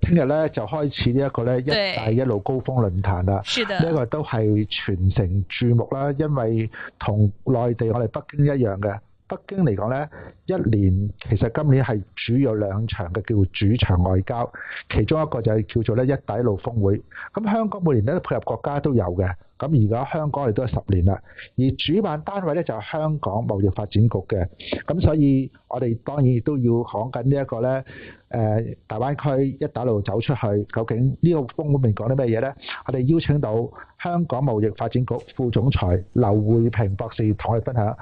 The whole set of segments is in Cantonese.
聽日咧就開始呢一個咧“一帶一路”高峰論壇啦，呢個都係全城注目啦，因為同內地我哋北京一樣嘅。北京嚟講咧，一年其實今年係主要有兩場嘅叫主場外交，其中一個就係叫做咧一帶一路峰會。咁香港每年咧配合國家都有嘅，咁而家香港亦都係十年啦。而主辦單位咧就係香港貿易發展局嘅，咁所以我哋當然亦都要講緊呢、呃、一個咧，誒大灣區一帶一路走出去，究竟呢個峰會面講啲咩嘢咧？我哋邀請到香港貿易發展局副總裁劉會平博士同我哋分享。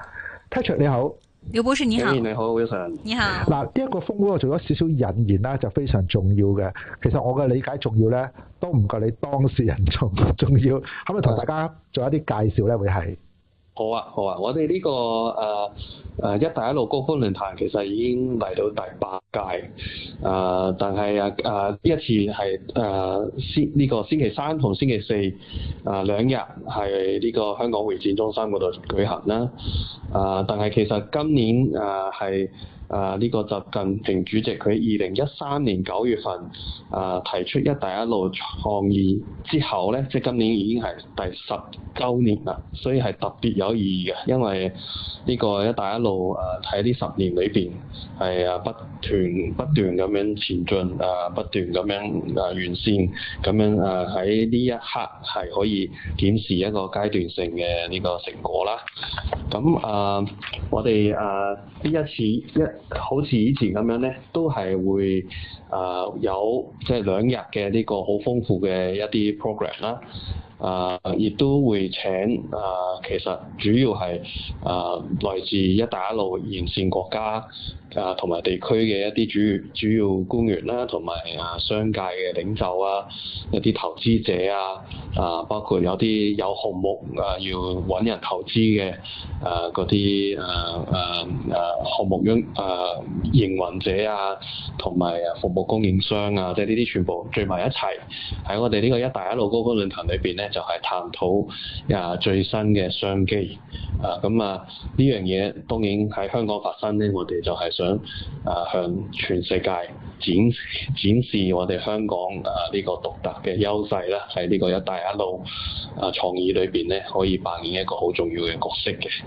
Tatch，你好。劉博士你好，你好，Wilson，你好。嗱，呢一個風波我做咗少少引言啦，就非常重要嘅。其實我嘅理解重要咧，都唔夠你當事人仲重要。可唔可以同大家做一啲介紹咧？會係。好啊好啊，我哋呢、這個誒誒、呃、一帶一路高峰論壇其實已經嚟到第八屆，誒、呃、但係誒誒呢一次係誒、呃、先呢、這個星期三同星期四誒兩日係呢個香港會展中心嗰度舉行啦，誒、呃、但係其實今年誒係。呃啊！呢個習近平主席，佢二零一三年九月份啊提出一帶一路創意之後呢，即係今年已經係第十周年啦，所以係特別有意義嘅，因為呢個一帶一路啊喺呢十年裏邊係啊不斷不斷咁樣前進啊，不斷咁樣啊完善咁樣啊，喺呢一刻係可以檢視一個階段性嘅呢個成果啦。咁啊，我哋啊呢一次一。好似以前咁樣咧，都係會誒、呃、有即係兩日嘅呢個好豐富嘅一啲 program 啦。啊，亦都會請啊、呃，其實主要係啊、呃，來自「一帶一路」沿線國家啊同埋地區嘅一啲主主要官員啦，同埋啊商界嘅領袖啊，一啲投資者啊，有有投資啊，啊包括有啲有項目啊要揾人投資嘅啊啲啊啊啊項目擁啊營運者啊，同埋啊，啊服務供應商啊，即係呢啲全部聚埋一齊，喺我哋呢個「一帶一路」高峯論壇裏邊咧。就係探討啊最新嘅商機啊，咁啊呢樣嘢當然喺香港發生呢，我哋就係想啊向全世界展展示我哋香港啊呢個獨特嘅優勢啦，喺呢個一帶一路啊創意裏邊咧，可以扮演一個好重要嘅角色嘅。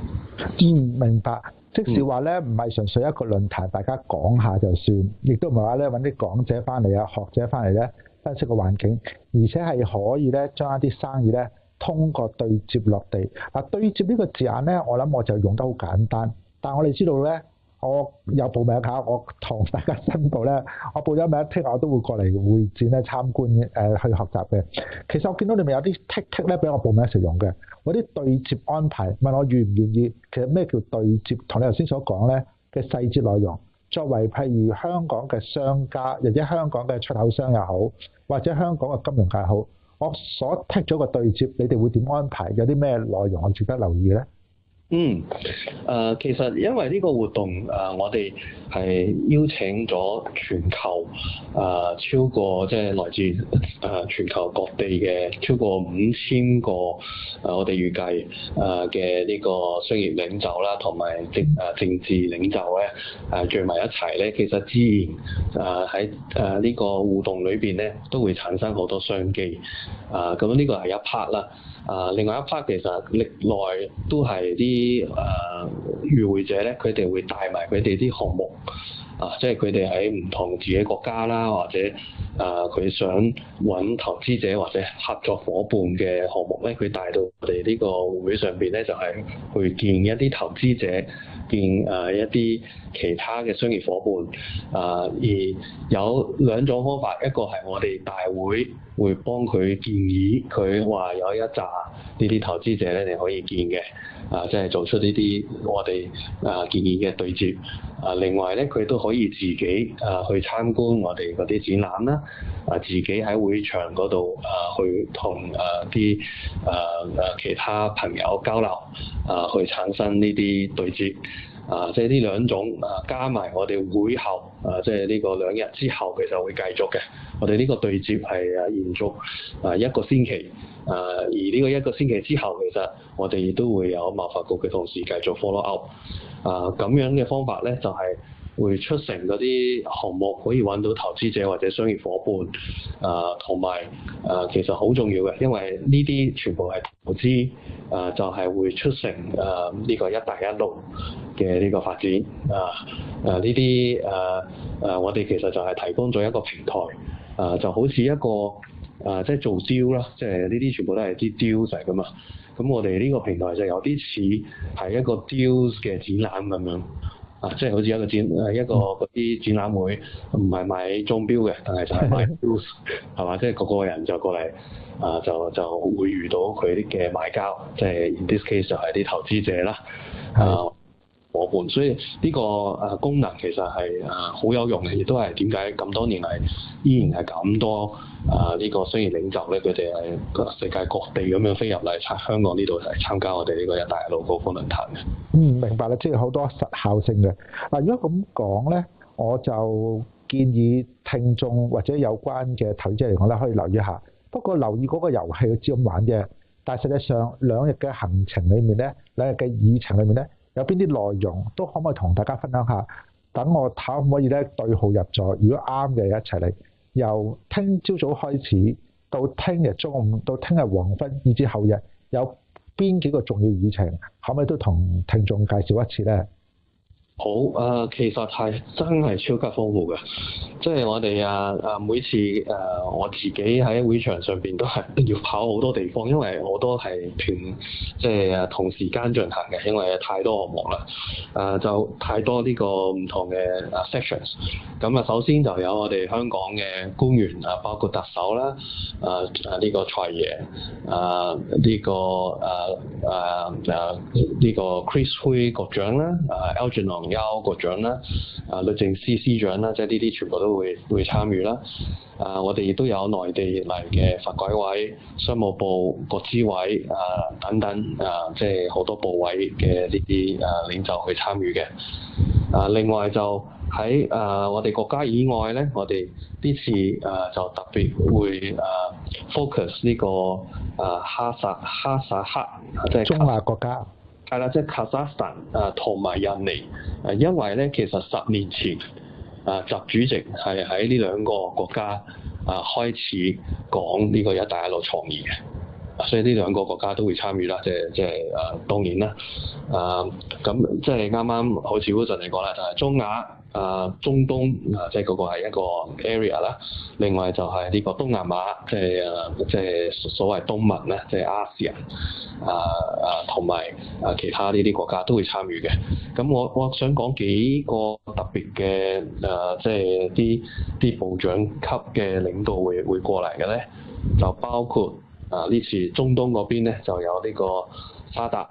嗯，明白。即係話咧，唔係、嗯、純粹一個論壇，大家講下就算，亦都唔係話咧揾啲講者翻嚟啊，學者翻嚟咧。分析個環境，而且係可以咧將一啲生意咧通過對接落地。嗱、啊，對接呢個字眼咧，我諗我就用得好簡單。但係我哋知道咧，我有報名嚇，我同大家申報咧，我報咗名，聽日我都會過嚟會展咧參觀嘅、呃，去學習嘅。其實我見到你咪有啲 tick 咧，俾我報名時用嘅，嗰啲對接安排，問我願唔願意。其實咩叫對接？同你頭先所講咧嘅細節內容。作為譬如香港嘅商家，或者香港嘅出口商也好，或者香港嘅金融界也好，我所踢咗個對接，你哋會點安排？有啲咩內容我值得留意呢？嗯，誒、呃、其實因為呢個活動誒、呃、我哋係邀請咗全球誒、呃、超過即係來自誒、呃、全球各地嘅超過五千個誒、呃、我哋預計誒嘅呢個商業領袖啦，同埋政誒政治領袖咧誒、呃、聚埋一齊咧，其實自然誒喺誒呢個互動裏邊咧，都會產生好多商機。誒咁呢個係一 part 啦。啊、呃、另外一 part 其實歷來都係啲啲誒與會者咧，佢哋會帶埋佢哋啲項目啊，即係佢哋喺唔同自己國家啦，或者誒佢、呃、想揾投資者或者合作夥伴嘅項目咧，佢帶到我哋呢個會上邊咧，就係、會、去見一啲投資者，見誒、呃、一啲。其他嘅商業伙伴，啊、呃，而有兩種方法，一個係我哋大會會幫佢建議，佢話有一紮呢啲投資者咧，你可以見嘅，啊、呃，即係做出呢啲我哋啊建議嘅對接。啊、呃，另外咧，佢都可以自己啊、呃、去參觀我哋嗰啲展覽啦，啊、呃，自己喺會場嗰度啊去同啊啲啊啊其他朋友交流，啊、呃，去產生呢啲對接。啊，即係呢兩種啊，加埋我哋會後啊，即係呢個兩日之後，其實會繼續嘅。我哋呢個對接係啊延續啊一個星期啊，而呢個一個星期之後，其實我哋都會有貿發局嘅同事繼續 follow up 啊。咁樣嘅方法咧，就係、是。會促成嗰啲項目可以揾到投資者或者商業伙伴，誒同埋誒其實好重要嘅，因為呢啲全部係投資，誒、呃、就係、是、會促成誒呢、呃這個一帶一路嘅呢個發展，誒誒呢啲誒誒我哋其實就係提供咗一個平台，誒、呃、就好似一個誒、呃就是、即係做 deal 啦，即係呢啲全部都係啲 deal 仔㗎嘛。咁我哋呢個平台就有啲似係一個 deal 嘅展覽咁樣。啊，即係好似一個展，誒一個嗰啲展覽會，唔係買鐘錶嘅，但係就係賣，係嘛？ 即係個個人就過嚟，啊就就會遇到佢啲嘅買家，即係 in this case 就係啲投資者啦，啊。 伙伴，所以呢個誒功能其實係誒好有用嘅，亦都係點解咁多年嚟依然係咁多誒呢、啊呢個商業領袖咧，佢哋係世界各地咁樣飛入嚟香港呢度嚟參加我哋呢個一帶一路高峰論壇嘅。嗯，明白啦，即係好多實效性嘅。嗱、啊，如果咁講咧，我就建議聽眾或者有關嘅投資者嚟講咧，可以留意一下。不過留意嗰個遊戲要知咁玩嘅，但係實際上兩日嘅行程裡面咧，兩日嘅議程裡面咧。有邊啲內容都可唔可以同大家分享下？等我睇可唔可以咧對號入座？如果啱嘅一齊嚟。由聽朝早開始到聽日中午到聽日黃昏以至後日有邊幾個重要議程，可唔可以都同聽眾介紹一次咧？好啊，其實係真係超級豐富嘅，即係我哋啊啊每次誒、啊、我自己喺會場上邊都係要跑好多地方，因為我都係團，即係啊同時間進行嘅，因為太多項目啦，誒、啊、就太多呢個唔同嘅 sections。咁啊，首先就有我哋香港嘅官員啊，包括特首啦，啊啊呢、這個蔡爺啊呢、這個誒誒誒呢個 Chris Hui 局長啦，誒、啊、Algernon 退休局長啦，啊律政司司長啦，即係呢啲全部都會會參與啦。啊，我哋亦都有內地嚟嘅發改委、商務部、國資委啊等等啊，即係好多部委嘅呢啲啊領袖去參與嘅。啊，另外就喺啊我哋國家以外咧，我哋呢次啊就特別會啊 focus 呢個啊哈薩哈薩克即係中亞國家。係啦，即係哈薩克斯坦啊同埋印尼啊，因為咧其實十年前啊習主席係喺呢兩個國家啊開始講呢個「一帶一路」倡議嘅，所以呢兩個國家都會參與啦，即係即係啊當然啦啊咁即係啱啱好似 Wilson 嚟講啦，就係中亞。啊，中東啊，即係嗰個係一個 area 啦。另外就係呢個東南亞嘛，即係啊，即係所謂東盟咧，即係亞視人啊啊，同埋啊其他呢啲國家都會參與嘅。咁我我想講幾個特別嘅啊，即係啲啲部長級嘅領導會會過嚟嘅咧，就包括啊呢次中東嗰邊咧，就有呢個沙特。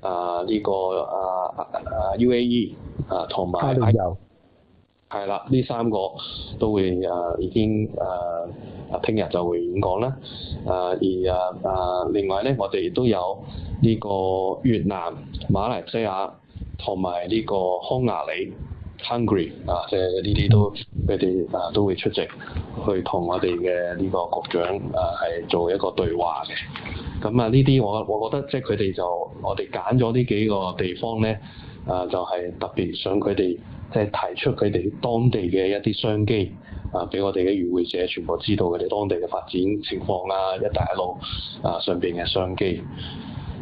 啊！呢個啊啊 UAE 啊，同埋係啦，呢三個都會啊，uh, 已經啊啊，聽、uh, 日就會演講啦。啊、uh, 而啊啊，uh, 另外咧，我哋亦都有呢個越南、馬來西亞同埋呢個匈牙利。h u n g r y 啊，即係呢啲都佢哋啊都會出席，去同我哋嘅呢個局長啊係做一個對話嘅。咁啊，呢啲我我覺得即係佢哋就，是、就我哋揀咗呢幾個地方咧，啊就係、是、特別想佢哋即係提出佢哋當地嘅一啲商機啊，俾我哋嘅與會者全部知道佢哋當地嘅發展情況啊，一帶一路啊上邊嘅商機。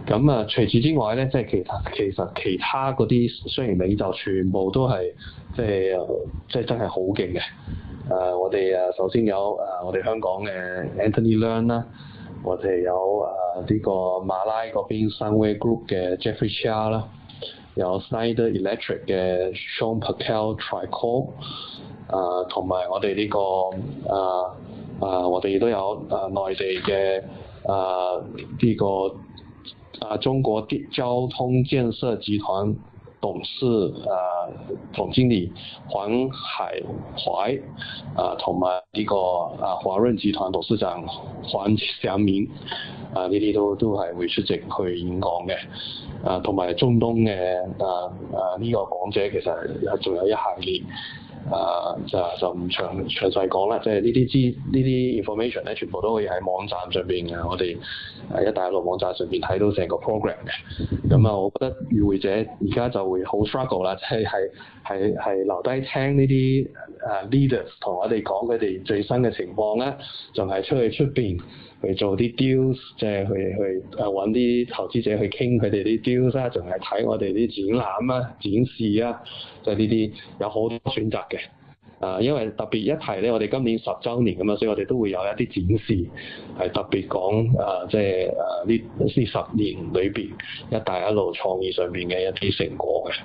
咁啊，除此之外咧，即係其他其實其他嗰啲，雖然名就全部都係即係即係真係好勁嘅。誒、啊，我哋啊首先有誒、啊、我哋香港嘅 Anthony Lunn、啊、啦，我哋有誒呢、啊這個馬拉嗰邊 Sunway Group 嘅 Jeffrey Cheah 啦、啊，有 Schneider Electric 嘅 Jean-Pascal Tricoire、啊、誒同埋我哋呢、這個誒誒、啊啊、我哋亦都有誒內、啊、地嘅誒呢個。啊，中國交通建設集團董事啊總經理黃海懷，啊同埋呢個啊華潤集團董事長黃祥明，啊呢啲都都係會出席去演講嘅，啊同埋中東嘅啊啊呢個講者其實仲有一系列。啊、uh，就就唔詳詳細講啦，即係呢啲資呢啲 information 咧，全部都可以喺網站上邊嘅，我哋誒一帶一路網站上邊睇到成個 program 嘅。咁啊、mm hmm. 嗯，我覺得與會者而家就會好 struggle 啦，即係係係係留低聽呢啲誒 leaders 同我哋講佢哋最新嘅情況啦，就係、是、出去出邊。去做啲 deal，即係去去啊揾啲投資者去傾佢哋啲 deal 啦，仲係睇我哋啲展覽啊、展示啊，就呢、是、啲有好多選擇嘅。啊，因為特別一提咧，我哋今年十週年咁啊，所以我哋都會有一啲展示，係特別講啊，即、就、係、是、啊呢十年裏邊一帶一路創意上邊嘅一啲成果嘅。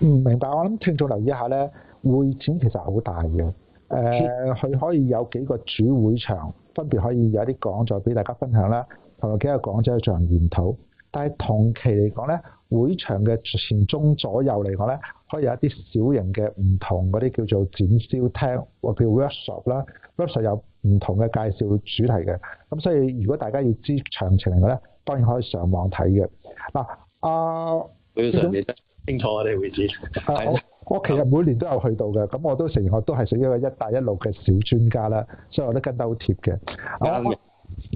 嗯，明白。我諗聽眾留意一下咧，會展其實好大嘅，誒、呃，佢可以有幾個主會場。分別可以有一啲講座俾大家分享啦，同埋幾個講者去進行研討。但係同期嚟講咧，會場嘅前中左右嚟講咧，可以有一啲小型嘅唔同嗰啲叫做展銷廳或者叫 workshop 啦，workshop 有唔同嘅介紹主題嘅。咁所以如果大家要知詳情嘅咧，當然可以上網睇嘅。嗱、啊，阿李總記得清楚我哋會知。啊 我其實每年都有去到嘅，咁我都承認我都係屬於一個一帶一路嘅小專家啦，所以我都跟得好貼嘅。Yeah.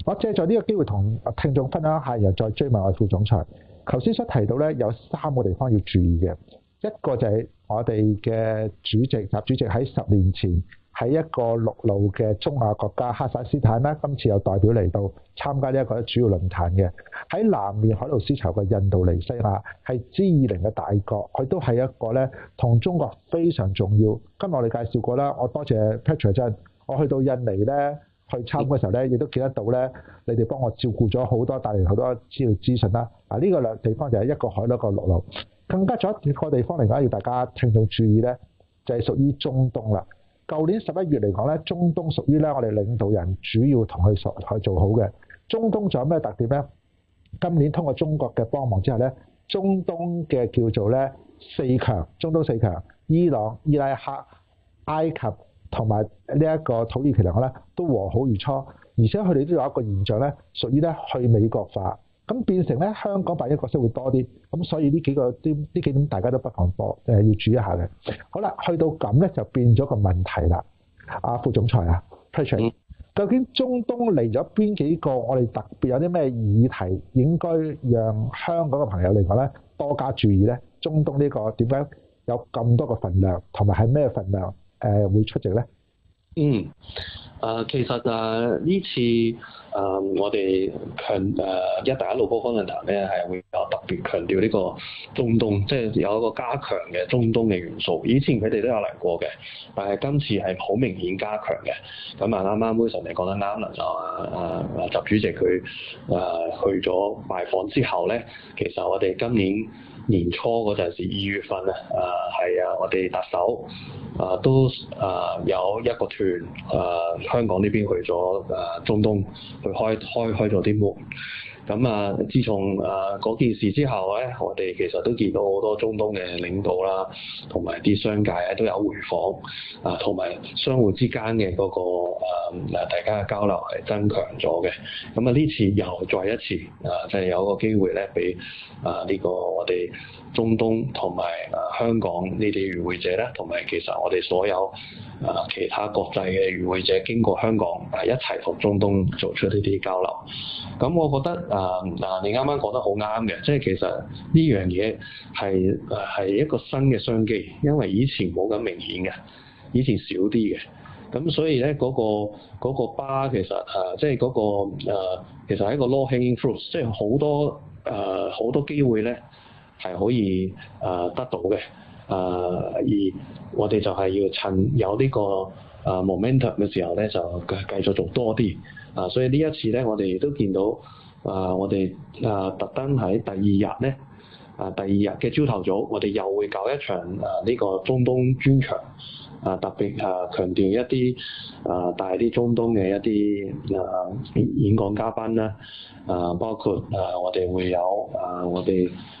我借助呢個機會同啊聽眾分享下，然後再追問我副總裁。頭先所提到咧，有三個地方要注意嘅，一個就係我哋嘅主席、習主席喺十年前。喺一個陸路嘅中亞國家哈薩斯坦啦，今次又代表嚟到參加呢一個主要論壇嘅。喺南面海路絲綢嘅印度尼西亞係 G20 嘅大國，佢都係一個咧同中國非常重要。今日我哋介紹過啦，我多謝 Patrick 真。我去到印尼咧去參嘅時候咧，亦都見得到咧，你哋幫我照顧咗好多帶嚟好多資料資訊啦。嗱、啊、呢、這個兩地方就係一個海路一個陸路，更加咗一個地方嚟講，要大家聽眾注意咧，就係、是、屬於中東啦。舊年十一月嚟講咧，中東屬於咧我哋領導人主要同佢做去做好嘅。中東仲有咩特點咧？今年通過中國嘅幫忙之後咧，中東嘅叫做咧四強，中東四強，伊朗、伊拉克、埃及同埋呢一個土耳其嚟講咧，都和好如初，而且佢哋都有一個現象咧，屬於咧去美國化。咁變成咧，香港扮演角色會多啲，咁所以呢幾個啲呢幾點大家都不妨多，誒、呃、要注意一下嘅。好啦，去到咁咧就變咗個問題啦。阿、啊、副總裁啊，Patrick、嗯、究竟中東嚟咗邊幾個？我哋特別有啲咩議題應該讓香港嘅朋友嚟講咧多加注意咧？中東呢個點解有咁多個份量，同埋係咩份量？誒、呃、會出席咧？嗯。啊、呃，其實啊，呢次啊、呃，我哋強啊，一帶一路高峰論壇咧，係會有特別強調呢個中東，即係有一個加強嘅中東嘅元素。以前佢哋都有嚟過嘅，但係今次係好明顯加強嘅。咁、嗯、啊，啱啱 Wilson l 你講得啱啦，就啊啊習主席佢啊去咗拜訪之後咧，其實我哋今年。年初嗰陣時，二月份呢，誒係啊，我哋特首啊都誒有一個團啊，香港呢邊去咗誒中東，去開開開咗啲門。咁啊，自從誒嗰件事之後咧，我哋其實都見到好多中東嘅領導啦，同埋啲商界咧都有回訪啊，同埋相互之間嘅嗰個誒大家嘅交流係增強咗嘅。咁啊，呢次又再一次啊，即係有個機會咧，俾誒呢個我哋。中東同埋誒香港呢啲與會者咧，同埋其實我哋所有誒其他國際嘅與會者經過香港誒，一齊同中東做出呢啲交流。咁我覺得誒嗱、呃，你啱啱講得好啱嘅，即係其實呢樣嘢係誒係一個新嘅商機，因為以前冇咁明顯嘅，以前少啲嘅。咁所以咧嗰、嗰個巴、嗰個、其實誒、呃，即係嗰、嗰個、呃、其實係一個 law hanging fruit 即係好多誒好、呃、多機會咧。係可以啊得到嘅啊，而我哋就係要趁有呢個啊 momentum 嘅時候咧，就繼繼續做多啲啊。所以呢一次咧，我哋亦都見到啊，我哋啊特登喺第二日咧啊，第二日嘅朝頭早，我哋又會搞一場啊呢、這個中東專場啊，特別啊強調一啲啊大啲中東嘅一啲啊演講嘉賓啦啊，包括啊我哋會有啊我哋。啊我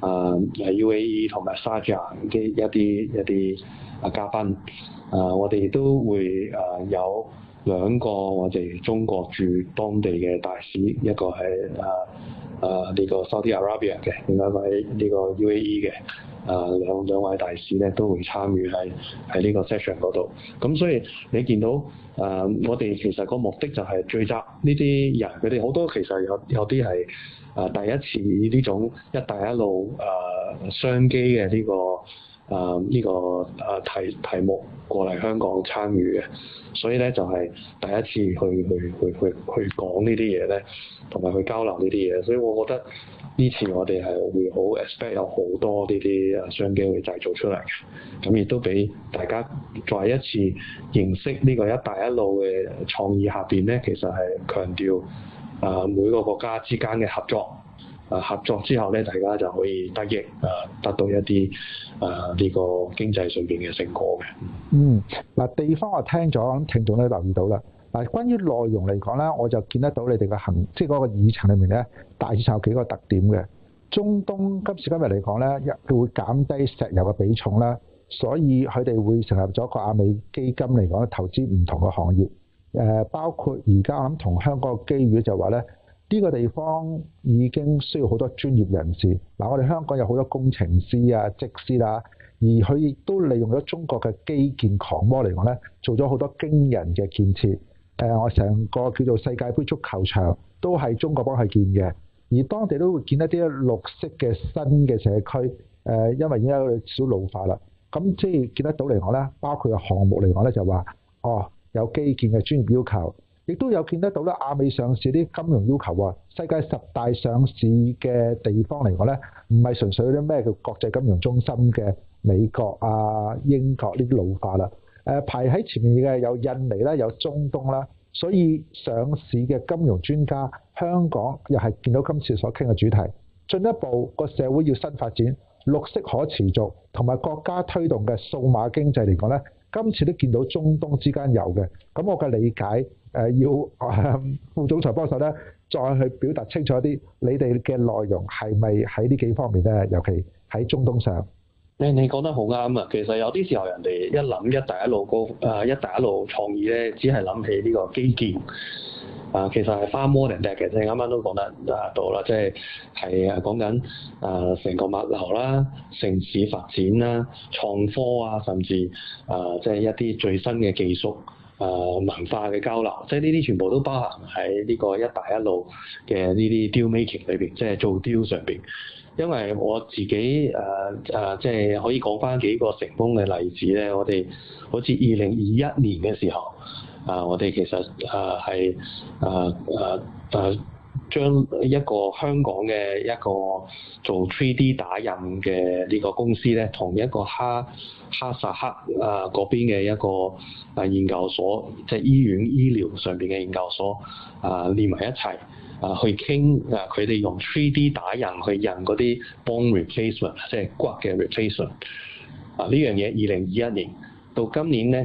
啊，UAE 同埋沙特啲一啲一啲啊嘉賓，啊、uh, 我哋都會啊、uh, 有兩個我哋中國駐當地嘅大使，一個係啊啊呢個 Saudi Arabia 嘅，另外一位呢個，個 UAE 嘅，啊、uh, 兩兩位大使咧都會參與喺喺呢個 session 嗰度。咁所以你見到啊，uh, 我哋其實個目的就係聚集呢啲人，佢哋好多其實有有啲係。啊！第一次以呢種一帶一路啊、呃，商機嘅呢、呢個啊呢、呃呢個啊題題目過嚟香港參與嘅，所以咧就係、係、第一次去去去去去，去講呢啲嘢咧，同埋去交流呢啲嘢，所以我覺得呢次我哋係會好 expect 有好多呢啲啊商機會製造出嚟嘅，咁亦都俾大家再一次認識呢個一帶一路嘅創意下邊咧，其實係強調。啊！每個國家之間嘅合作，啊合作之後咧，大家就可以得益，啊得到一啲啊呢、這個經濟上邊嘅成果嘅。嗯，嗱地方我聽咗，咁聽眾都留意到啦。嗱，關於內容嚟講咧，我就見得到你哋嘅行，即係嗰個議程裡面咧，大致上有幾個特點嘅。中東今時今日嚟講咧，佢會減低石油嘅比重啦，所以佢哋會成立咗個亞美基金嚟講，投資唔同嘅行業。誒、呃、包括而家我諗同香港嘅機遇就係話咧，呢、呢個地方已經需要好多專業人士。嗱、呃，我哋香港有好多工程師啊、則師啦、啊，而佢亦都利用咗中國嘅基建狂魔嚟講咧，做咗好多驚人嘅建設。誒、呃，我成個叫做世界盃足球場都係中國幫佢建嘅，而當地都會建一啲綠色嘅新嘅社區。誒、呃，因為而家有少老化啦，咁即係見得到嚟講咧，包括個項目嚟講咧就話，哦。有基建嘅專業要求，亦都有見得到啦。亞美上市啲金融要求啊，世界十大上市嘅地方嚟講咧，唔係純粹嗰啲咩叫國際金融中心嘅美國啊、英國呢啲老化啦。誒、啊、排喺前面嘅有印尼啦，有中東啦，所以上市嘅金融專家，香港又係見到今次所傾嘅主題。進一步個社會要新發展，綠色可持續同埋國家推動嘅數碼經濟嚟講咧。今次都見到中東之間有嘅，咁我嘅理解，誒、呃、要副、嗯、總裁幫手咧，再去表達清楚一啲你哋嘅內容係咪喺呢幾方面咧？尤其喺中東上。你你講得好啱啊，其實有啲時候人哋一諗一帶一路高，誒，一帶一路創意咧，只係諗起呢個基建。啊，其實係 far more 嘅，你啱啱都講得啊到啦，即係係啊講緊啊成個物流啦、城市發展啦、創科啊，甚至啊、呃、即係一啲最新嘅技術啊、呃、文化嘅交流，即係呢啲全部都包含喺呢個一帶一路嘅呢啲 deal making 裏邊，即係做 deal 上邊。因為我自己誒誒、呃，即係可以講翻幾個成功嘅例子咧，我哋好似二零二一年嘅時候。啊！我哋其實啊係啊啊啊將一個香港嘅一個做 3D 打印嘅呢個公司咧，同一個哈哈薩克啊嗰邊嘅一個啊研究所，即係醫院醫療上邊嘅研究所啊連埋一齊啊去傾啊佢哋用 3D 打印去印嗰啲 bone replacement，即係骨嘅 replacement 啊，呢樣嘢二零二一年。到今年咧，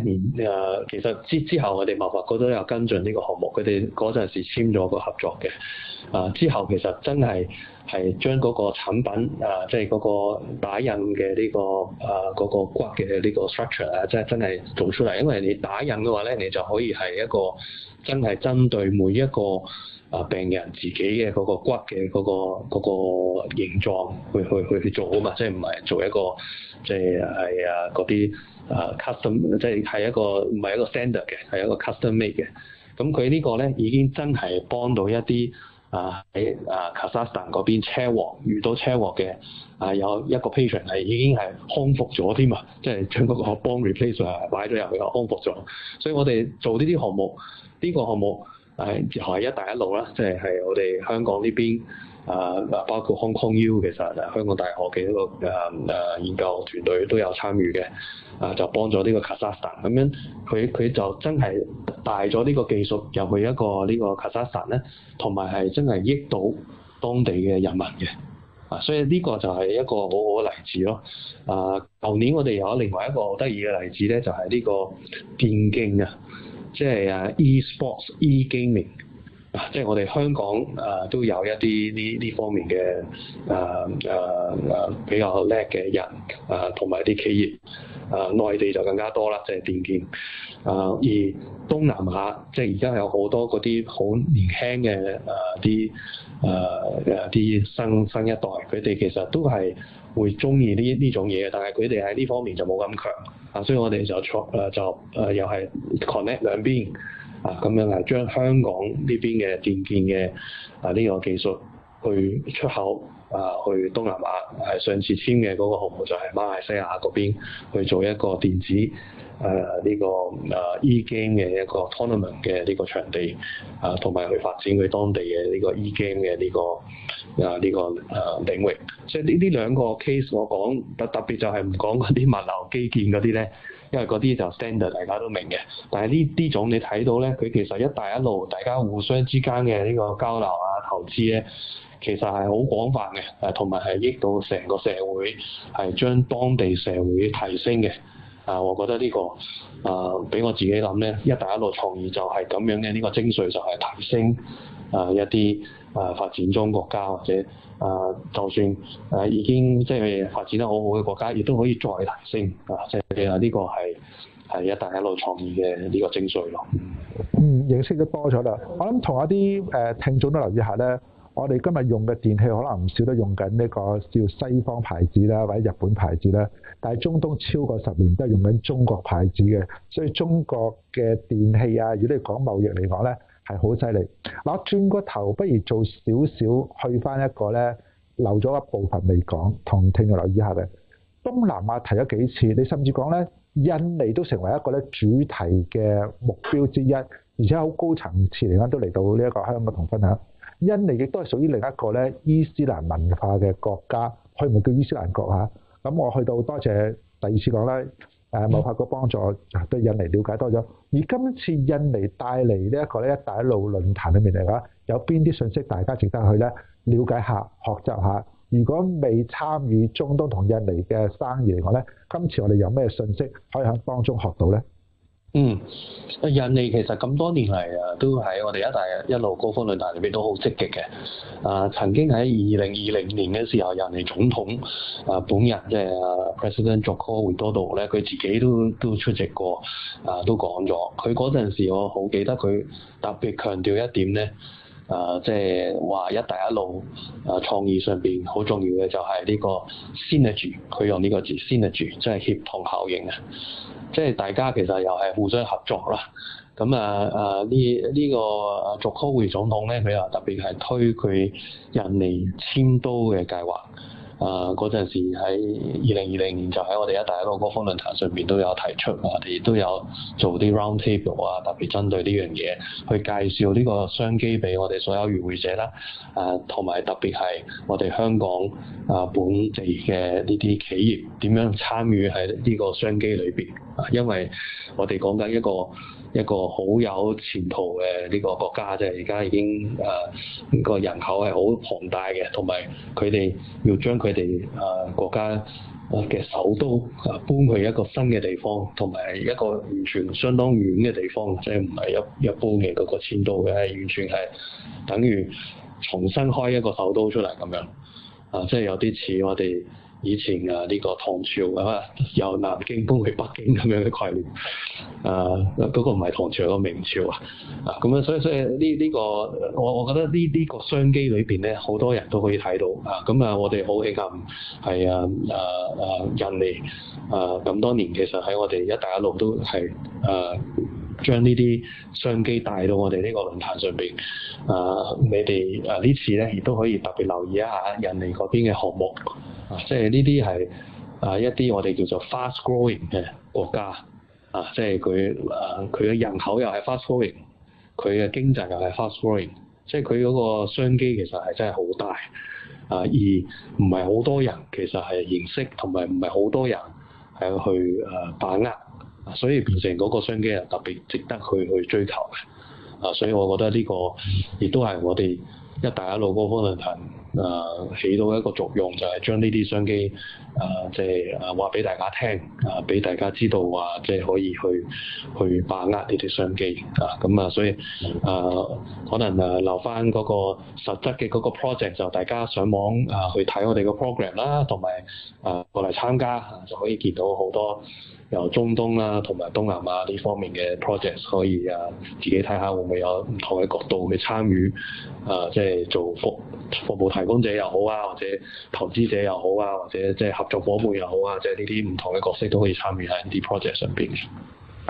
誒其實之之後，我哋默默都有跟進呢個項目。佢哋嗰陣時簽咗個合作嘅，啊之後其實真係係將嗰個產品啊，即係嗰個打印嘅呢個啊嗰個骨嘅呢個 structure 啊，即係真係做出嚟。因為你打印嘅話咧，你就可以係一個真係針對每一個啊病人自己嘅嗰個骨嘅嗰個那個形狀去去去去做啊嘛，即係唔係做一個即係係啊嗰啲。啊、uh，custom 即係係一個唔係一個 standard 嘅，係一個 custom made 嘅。咁、嗯、佢呢個咧已經真係幫到一啲啊喺啊 Kazakhstan 嗰邊車禍遇到車禍嘅啊有一個 patient 係已經係康復咗添啊，即係將嗰個 bone replacement 擺咗入去又康復咗。所以我哋做呢啲項目，呢、這個項目係係、哎、一帶一路啦，即係係我哋香港呢邊。啊，嗱，包括 Hong Kong U 其實、啊、香港大學嘅一個誒誒、嗯啊、研究團隊都有參與嘅，啊，就幫咗呢個 Kazakhstan 咁樣，佢佢就真係帶咗呢個技術入去一個呢個 Kazakhstan 咧，同埋係真係益到當地嘅人民嘅，啊，所以呢個就係一個好好嘅例子咯。啊，舊年我哋有另外一個好得意嘅例子咧，就係、是、呢個電競啊，即係啊 eSports eGaming 即係我哋香港誒、呃、都有一啲呢呢方面嘅誒誒誒比較叻嘅人，誒同埋啲企業，誒、呃、內地就更加多啦，即、就、係、係、電建。誒、呃、而東南亞即係而家有好多嗰啲好年輕嘅誒啲誒誒啲新新一代，佢哋其實都係會中意呢呢種嘢，但係佢哋喺呢方面就冇咁強。啊、呃，所以我哋就誒就誒又係 connect 兩邊。啊，咁樣啊，將香港呢邊嘅電建嘅啊呢個技術去出口啊，去東南亞。誒上次簽嘅嗰個項目就係馬來西亞嗰邊去做一個電子誒呢、啊這個誒、啊、e-game 嘅一個 tournament 嘅呢個場地啊，同埋去發展佢當地嘅呢個 e-game 嘅呢、這個啊呢、這個誒、啊、領域。即係呢呢兩個 case，我講特特別就係唔講嗰啲物流基建嗰啲咧。因為嗰啲就 standard，大家都明嘅。但係呢呢種你睇到咧，佢其實一帶一路大家互相之間嘅呢個交流啊、投資咧，其實係好廣泛嘅。誒，同埋係益到成個社會係將當地社會提升嘅。啊，我覺得呢、這個啊，俾、呃、我自己諗咧，一帶一路創意就係咁樣嘅，呢、這個精髓就係提升啊、呃、一啲。誒、啊、發展中國家或者誒、啊、就算誒、啊、已經即係發展得好好嘅國家，亦都可以再提升啊！即係你話呢個係係一帶一路創意嘅呢、這個精髓咯。嗯，認識得多咗啦。我諗同下啲誒聽眾都留意下咧，我哋今日用嘅電器可能唔少都用緊呢個叫西方牌子啦，或者日本牌子啦。但係中東超過十年都係用緊中國牌子嘅，所以中國嘅電器啊，如果你講貿易嚟講咧。係好犀利嗱，轉個頭不如做少少，去翻一個咧，留咗一部分未講，同聽眾留意下嘅。東南亞提咗幾次，你甚至講咧，印尼都成為一個咧主題嘅目標之一，而且好高層次嚟講都嚟到呢一個香港同分享。印尼亦都係屬於另一個咧伊斯蘭文化嘅國家，可唔會叫伊斯蘭國嚇、啊？咁我去到多謝第二次講啦。誒冇曬個幫助，對印尼了解多咗。而今次印尼帶嚟呢一個咧，一帶一路論壇裏面嚟講，有邊啲信息大家值得去咧了解下、學習下？如果未參與中東同印尼嘅生意嚟講咧，今次我哋有咩信息可以喺當中學到咧？嗯，印尼其實咁多年嚟啊，都喺我哋一帶一路高峰論壇裏面都好積極嘅。啊、呃，曾經喺二零二零年嘅時候，印尼總統啊、呃、本人即係啊 President Jokowi 嗰度咧，佢自己都都出席過，啊、呃、都講咗。佢嗰陣時我好記得佢特別強調一點咧。啊，即係話一帶一路啊，創意上邊好重要嘅就係呢個 synergy 佢用呢個字 synergy 即係協同效應啊！即係大家其實又係互相合作啦。咁啊啊，呢呢個啊，佐科威總統咧，佢又特別係推佢印尼遷都嘅計劃。誒嗰陣時喺二零二零年就喺我哋一帶一路高峰論壇上面都有提出，我哋都有做啲 round table 啊，特別針對呢樣嘢去介紹呢個商機俾我哋所有與會者啦。誒同埋特別係我哋香港誒、啊、本地嘅呢啲企業點樣參與喺呢個商機裏邊，啊，因為我哋講緊一個。一個好有前途嘅呢個國家即係，而家已經誒呢個人口係好龐大嘅，同埋佢哋要將佢哋誒國家嘅首都誒搬去一個新嘅地方，同埋一個完全相當遠嘅地方，即係唔係一般嘅嗰個遷都嘅，係完全係等於重新開一個首都出嚟咁樣啊、呃！即係有啲似我哋。以前啊，呢個唐朝啊，由南京搬去北京咁樣嘅概念，啊、呃、嗱，嗰、嗰個唔係唐朝，係、嗰個明朝啊，啊咁啊，所以所以呢、呢、呢個，我我覺得呢呢個商機裏邊咧，好多人都可以睇到啊，咁啊，我哋好慶幸係啊人啊啊印尼啊咁多年，其實喺我哋一帶一路都係啊。將呢啲商機帶到我哋呢個論壇上邊，啊、呃，你哋啊呢次咧亦都可以特別留意一下印尼嗰邊嘅項目，啊，即係呢啲係啊一啲我哋叫做 fast growing 嘅國家，啊，即係佢啊佢嘅人口又係 fast growing，佢嘅經濟又係 fast growing，即係佢嗰個商機其實係真係好大，啊，而唔係好多人其實係認識，同埋唔係好多人係去啊把握。啊，所以變成嗰個商機又特別值得去去追求嘅，啊，所以我覺得呢個亦都係我哋一帶一路高峰論壇啊起到一個作用，就係、是、將呢啲商機啊即係話俾大家聽，啊、呃，俾大家知道話即係可以去去把握呢啲商機，啊，咁啊，所以啊、呃、可能啊留翻嗰個實質嘅嗰個 project 就大家上網啊去睇我哋個 program 啦，同埋啊過嚟參加就可以見到好多。由中東啦，同埋東南亞呢方面嘅 project，可以啊，自己睇下會唔會有唔同嘅角度去參與啊，即、呃、係、就是、做服服務提供者又好啊，或者投資者又好啊，或者即係合作伙伴又好啊，即係呢啲唔同嘅角色都可以參與喺啲 project 上邊。誒、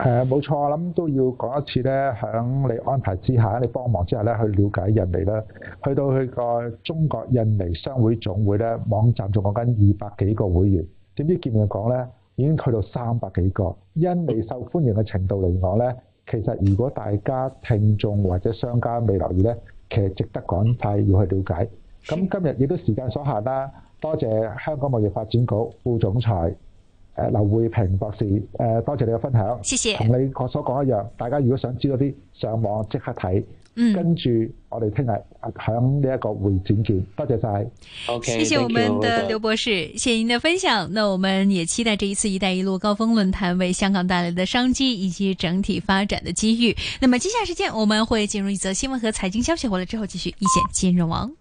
呃，冇錯，我諗都要講一次咧，響你安排之下，你幫忙之下咧，去了解印尼啦，去到去個中國印尼商會總會咧網站仲講緊二百幾個會員，點知,知見佢講咧？已經去到三百幾個，因未受歡迎嘅程度嚟講，呢其實如果大家聽眾或者商家未留意，呢其實值得趕快要去了解。咁今日亦都時間所限啦，多謝香港貿易發展局副總裁。誒，劉、呃、會平博士，誒、呃，多謝你嘅分享，同謝你我所講一樣，大家如果想知道啲，上網即刻睇，嗯、跟住我哋聽日響呢一個會展見，多謝晒，OK，thank 謝謝我們的劉博士，謝謝您的分享，那我們也期待這一次一帶一路高峰論壇為香港帶來的商機以及整體發展的機遇。那麼，接下來時間我們會進入一則新聞和財經消息，回來之後繼續一線金融網。